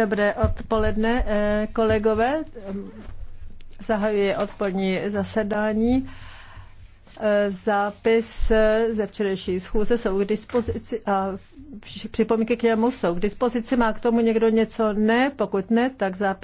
Dobré odpoledne, eh, kolegové. Zahajuji odpolední zasedání. Eh, zápis eh, ze včerejší schůze jsou k dispozici a připomínky k němu jsou k dispozici. Má k tomu někdo něco? Ne, pokud ne, tak zápis.